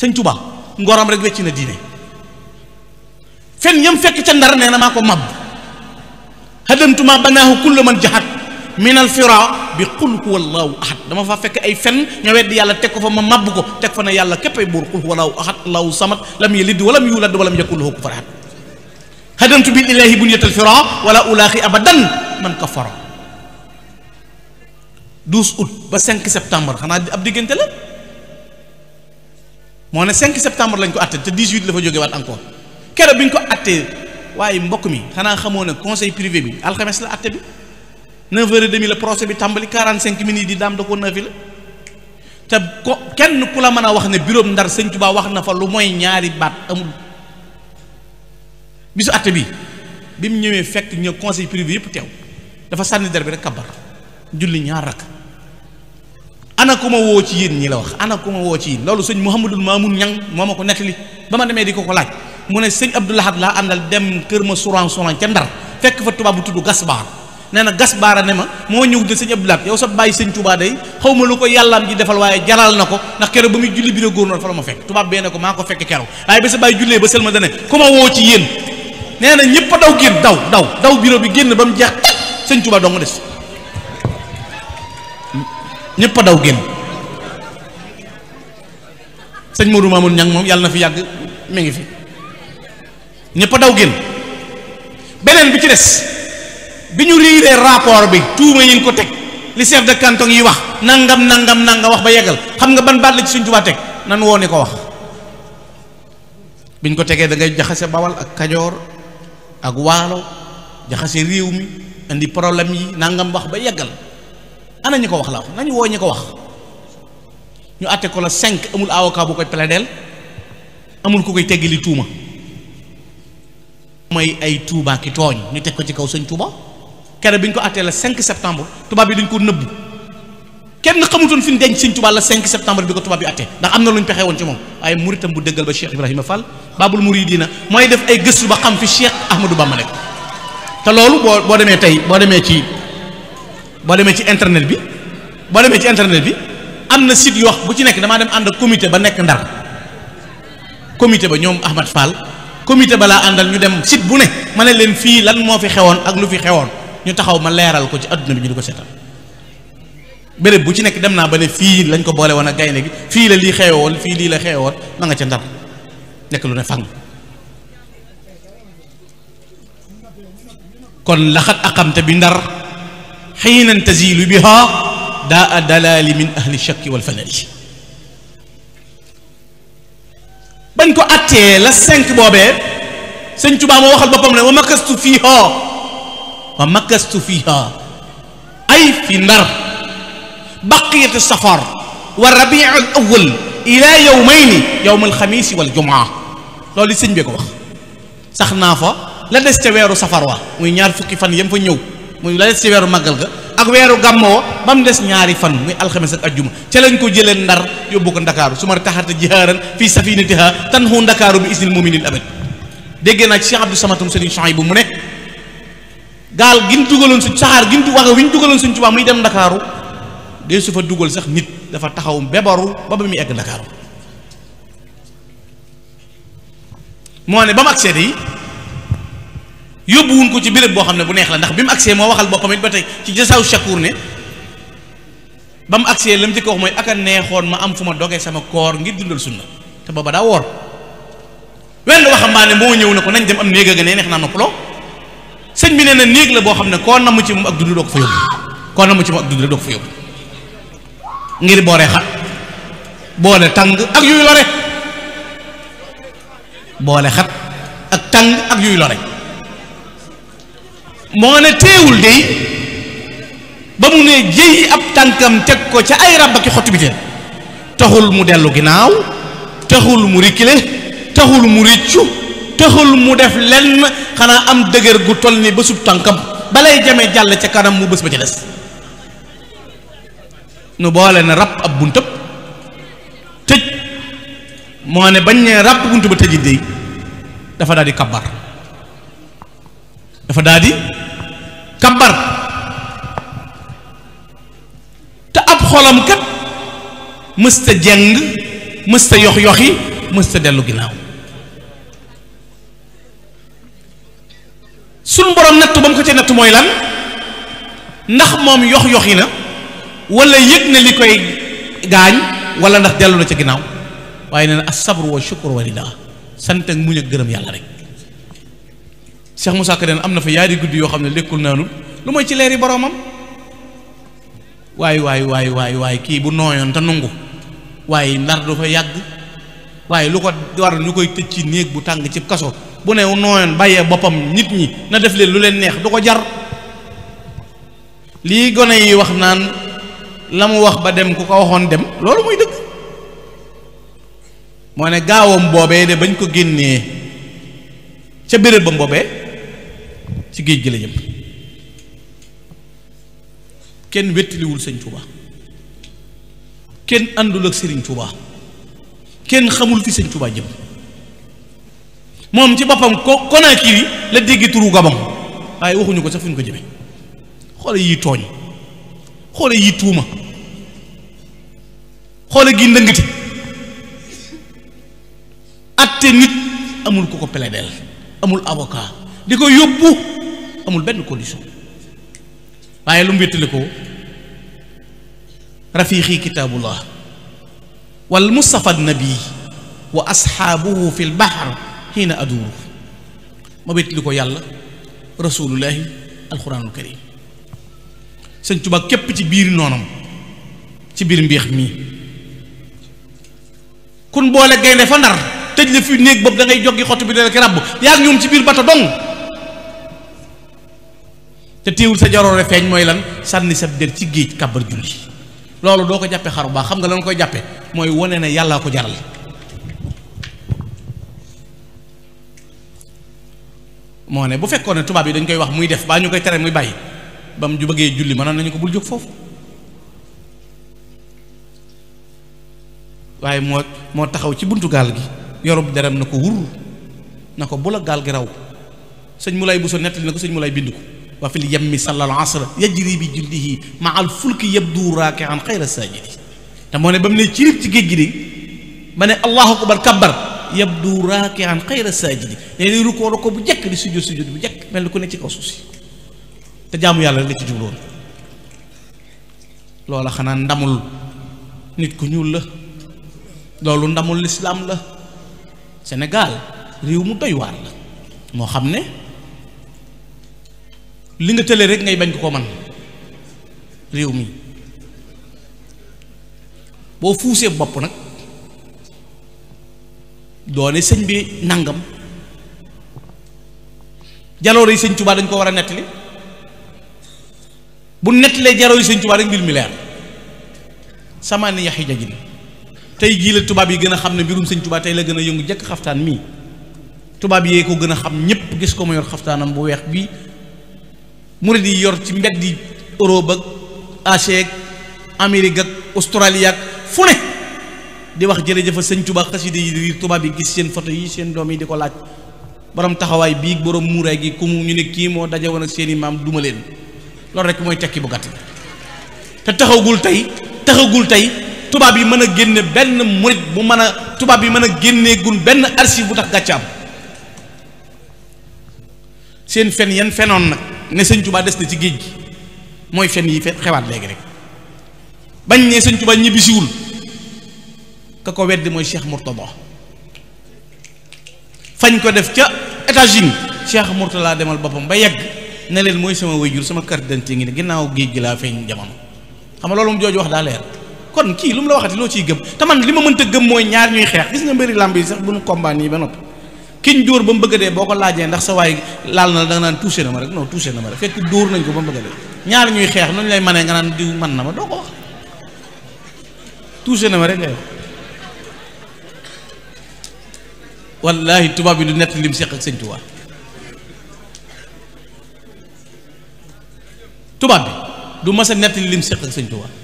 sëñ Touba ngoram rek wecci na diine fen ñam fekk ca ndar nee na maa ko mab hadamtuma banaahu kullu man jahat min al fira bi qul huwa allahu ahad dama fa fekk ay fen ña wedd yàlla teg ko fa ma mabb ko teg fa ne yàlla képp ay buur qul huwa allahu ahad allahu samad lam yalid walam yulad walam yakul lahu kufuwan ahad hadamtu bil ilahi bunyat al fira wala ulaaxi abadan man kafara 12 août ba 5 septembre xanaa ab diggante la moo ne cinq septembre lañ ko àtte te 18 la fa jóge waat encore keroog bi ñu ko àttee waaye mbokk mi xanaa xamoo ne conseil privé bi alxames la àtte bi 9h30 la procès bi tàmbali 45 minutes di daam da koo naafila te ko kenn ku la mën a wax ne bureau ndar sëñ baa wax na fa lu mooy ñaari baat amul bisu àtte bi bi mu ñëwee fekk ñëw conseil privé yëpp teew dafa sànni der rek kabar julli ñaar rakk. ana ku ma woo ci yéen ñi la wax ana ku ma woo ci yéen loolu sëñ Mouhamadul Mamoun Ñang moo ma ko nettali ba ma demee di ko ko laaj mu ne sëñ Abdou Lahad laa àndal dem kër ma suran suran ca Ndar fekk fa tubaab bu tudd Gaspar nee na Gaspar ne ma moo ñëw de sëñ Abdou Lahad yow sa bàyyi sëñ Touba day xaw ma lu ko yàllaam ji defal waaye jaral na ko ndax keroog ba muy julli bi la góor noonu fa la ma fekk tubaab bee ne ko maa ko fekk keroog waaye ba sa bàyyi jullee ba woo ci yéen nee na ñëpp a daw génn daw daw daw bureau bi génn ba mu jeex sëñ Touba dong des ñëpp daw génn señ mourou Mamoun ñang mom yalla na fi yag mi ngi fi ñëpp daw génn benen bi ci dess biñu ñu rapport bi tuuma ñin ko tek li chef de canton yi wax nangam nangam nanga wax ba yegal xam nga ban baat la ci señ touba tek nan woni ko wax biñ ko tege da ngay jaxase bawal ak kadior ak walo jaxase rewmi andi problème yi nangam wax ba yegal ana ñi ko wax la wax nañ woo ñi ko wax ñu àtte ko la cinq amul avocat bu koy plaideel amul ku koy teggili tuuma mooy ay tuubaa ki tooñ ñu teg ko ci kaw sëñ Touba kere bi ñu ko àttee la 5 septembre tubaab yi dañ koo nëbb kenn xamutoon fi ñu denc sëñ Touba la 5 septembre bi ko tubaab yi àttee ndax am na lu ñu pexee woon ci moom waaye muritam bu dëggal ba Cheikh Ibrahima Fall yi Mouridina mooy def ay gëstu ba xam fi Cheikh Ahmadou Bamba nekk te loolu tey boo demee ci. boo demee ci internet bi boo demee ci internet bi am na site yoo bu ci nekk damaa dem ànd ak comité ba nekk ndar comité ba ñoom Ahmad Fall comité ba laa àndal ñu dem site bu ne ma ne leen fii lan moo fi xewoon ak lu fi xewoon ñu taxaw ma leeral ko ci adduna bi ñu di ko seetal béréb bu ci nekk dem naa ba ne fii lañ ko boole woon ak gaynde gi fii la lii xewoon fii lii la xewoon ma nga ca ndar nekk lu ne fang kon laxat aqamte bi ndar حين تزيل بها داء دلال من أهل الشك والفنل بانكو أتي السنك بوبي سنك بابا وخل بابا مني ومكست فيها ومكست فيها أي في النار بقية السفر والربيع الأول إلى يومين يوم الخميس والجمعة لو لسنك وخ سخنافا لا نستوير سفروا وا وينيار فكي فان يمفو muy la des weeru màggal ga ak weeru gàmmoo ba mu des ñaari fan muy alxames ak ajjuma ca lañ ko jëlee ndar yóbbu ko ndakaaru su ma taxata jihaaran fii safinatiha tanhu ndakaaru bi isnil muminil abad déggee naa ci Cheikh Abdou Samatum Serigne Chouaib bu mu ne gaal gi ñu dugaloon suñ saxaar gi ñu wax wi ñu dugaloon suñ tubaab muy dem ndakaaru dee su fa dugal sax nit dafa taxaw bebaru ba ba muy egg ndakaaru moo ne ba mu accès yi yóbbu yóbbuwun ko ci béréb boo xam ne bu neex la ndax bi mu agsee moo waxal boppam it ba tey ci jasaaw shakur ne ba mu agsee la mu njëkk wax mooy aka neexoon ma am fu ma dogee sama koor ngir dundal sunna te booba daa woor wenn waxambaane moo ñëw ne ko nañ dem am néeg a gën a neex naa noppaloo sëñ bi nee na néeg la boo xam ne koo namm ci moom ak dund doo ko fa yóbbu ci moom ak dund doo ko fa yóbbu ngir booree xat boole tàng ak yuy lore boole xat ak tàng ak yuy lore moo ne teewul dey ba mu ne jëy ab tànkam teg ko ca ay ràbb ki xottu bi teen taxul mu dellu ginnaaw taxul mu rikkile taxul mu riccu taxul mu def lenn xanaa am dëgër gu toll ni ba tànkam balay jame jàll ca kanam mu bés ba ca des nu boole ne ràbb ab buntab tëj moo ne bañ ne ràbb buntu ba tëji dey dafa daal kabar dafa daal di te ab xolam kat mësta jeng mësta yox yoxi mësta dellu ginnaaw sunu borom nattu ba mu ko ca nattu mooy lan ndax moom yox yoxi na wala yëg na li koy gaañ wala ndax dellu na ca ginnaaw waaye nee na as sabru wa shukru wa ridaa sant ak muñ gërëm yàlla rek Cheikh Moussa Ka am na fa yaari guddi yoo xam ne lekkul naanul lu mooy ci leeri boroomam waay waay waay waay kii bu nooyoon te nangu waaye ndar du fa yàgg waaye lu ko war ñu koy tëj ci néeg bu tàng ci kaso bu new nooyoon bàyyee boppam nit ñi na def leen lu leen neex du ko jar lii gone yi wax naan la mu wax ba dem ku ko waxoon dem loolu muy dëgg moo ne gaawam boobee de bañ ko génnee ca béréb ba boobee ci géej gi la ñëpp kenn wettiliwul sëñ Touba kenn àndul ak sëriñ Touba kenn xamul fi sëñ Touba jëm moom ci boppam ko Conakry la dégg turu Gabon waaye waxuñu ko sax fu ñu ko jëme xoole yi tooñ xoole yi tuuma xoole gi ndëngati atte nit amul ku ko plaidel amul avocat di ko yóbbu amul ben condition waye lu mbettel ko rafiqi kitabullah wal mustafa nabi wa ashabuhu fil bahr hina adur ma wéttali ko yàlla rasulullah al quran al karim seigne Tuubaa kep ci bir nonam ci bir mbex mi kun boole gayne fa nar tejle fi néeg bob da ngay joggi xottu bi dala ki ràbb yaak ñoom ci bir bata dong te téewul sa jaroore feeñ mooy lan sànni sa der ci géej kàbbar julli loolu doo ko jàppe xar bu baax xam nga lan koy jàppe mooy wone na yàllaa ko jaral moo ne bu fekkoon ne tubaab yi dañ koy wax muy def baa ñu koy tere muy bàyyi ba mu ju bëggee julli mënoon nañu ko bul jóg foofu waaye moo moo taxaw ci buntu gaal gi yorub deram na ko wur na ko bula gaal gi raw sëñ mu lay bu so nettali na ko sëñ mu lay bind ko wa fi lyammi salla al asra yajri bi jundihi ma al fulki yabdu raakian xayra saajidi te moo ne ba mu ne ci géej gi de ba ne allahu akbar kabbar yabdu raakian xayra saajidi ne di rukkoo rukkoo bu jëkk di sujjóot sujjóot bu jekk mel ni ku ne ci kaw suuf te jaamu yàlla rek la ci jubloon loola xanaa ndamul nit ku ñuul la loolu ndamul lislaam la Sénégal réew mu doy waar la moo xam ne li nga tële rek ngay bañ koo man réew mi boo fuusee bopp nag doone sëñ bi nangam jaloore yi sëñ Tuubaa dañ ko war a nettali bu nettalee jaloore yi sëñ Tuubaa rek mbir mi leer samaan ni yaxi jajin tey jii la tubaab yi gën a xam ne mbirum sëñ Tuubaa tey la gën a yëngu jëkk xaftaan mii tubaab yee ko gën a xam ñépp gis ko mu xaftaanam bu weex bii murid yi yor ci mbedd yi Europe ak Asie ak Amérique ak Australie ak fu ne di wax jërëjëfa sëñ Tuubaa xasida yi di tubaab yi gis seen foto yi seen doom yi di ko laaj borom taxawaay bii borom muuraay gi ku mu ñu ne kii moo daje woon ak seen i maam duma leen loolu rek mooy tekki bu gàtt bi te taxagul tey taxagul tey tubaab yi mën a génne benn murit bu mën a tubaab yi mën a génneegul benn archive bu tax gàccaam seen fen yan fenoon nag ne sëñ Tuubaa des na ci géej gi mooy fen yi fe xewaat léegi rek bañ ne sëñ Tuubaa ñibbisiwul ka ko weddi mooy Cheikh Mourtada fañ ko def ca États-Unis Cheikh Mourtada demal boppam ba yegg ne leen mooy sama wayjur sama kar d'identité ngi ne ginnaaw géej gi laa feeñ jamono xam nga loolu moom jooju wax daa leer kon kii lu mu la waxati loo ciy gëm te man li ma mënta gëm mooy ñaar ñuy xeex gis nga mbëri làmb yi sax bu nu combat nii ba noppi kiñ dóor ba mu bëgg a dee boo ko laajee ndax sa waay laal na la da nga naan touché na ma rek non touché na ma rek fekk dóor nañ ko ba mu bëgg a ñaar ñuy xeex nu lay manee nga naan diw man na ma doo ko wax touché na ma rek ngay wallahi tubaab bi du nett lim seq ak sëñ tubaab du mas a nett seq ak sëñ tubaab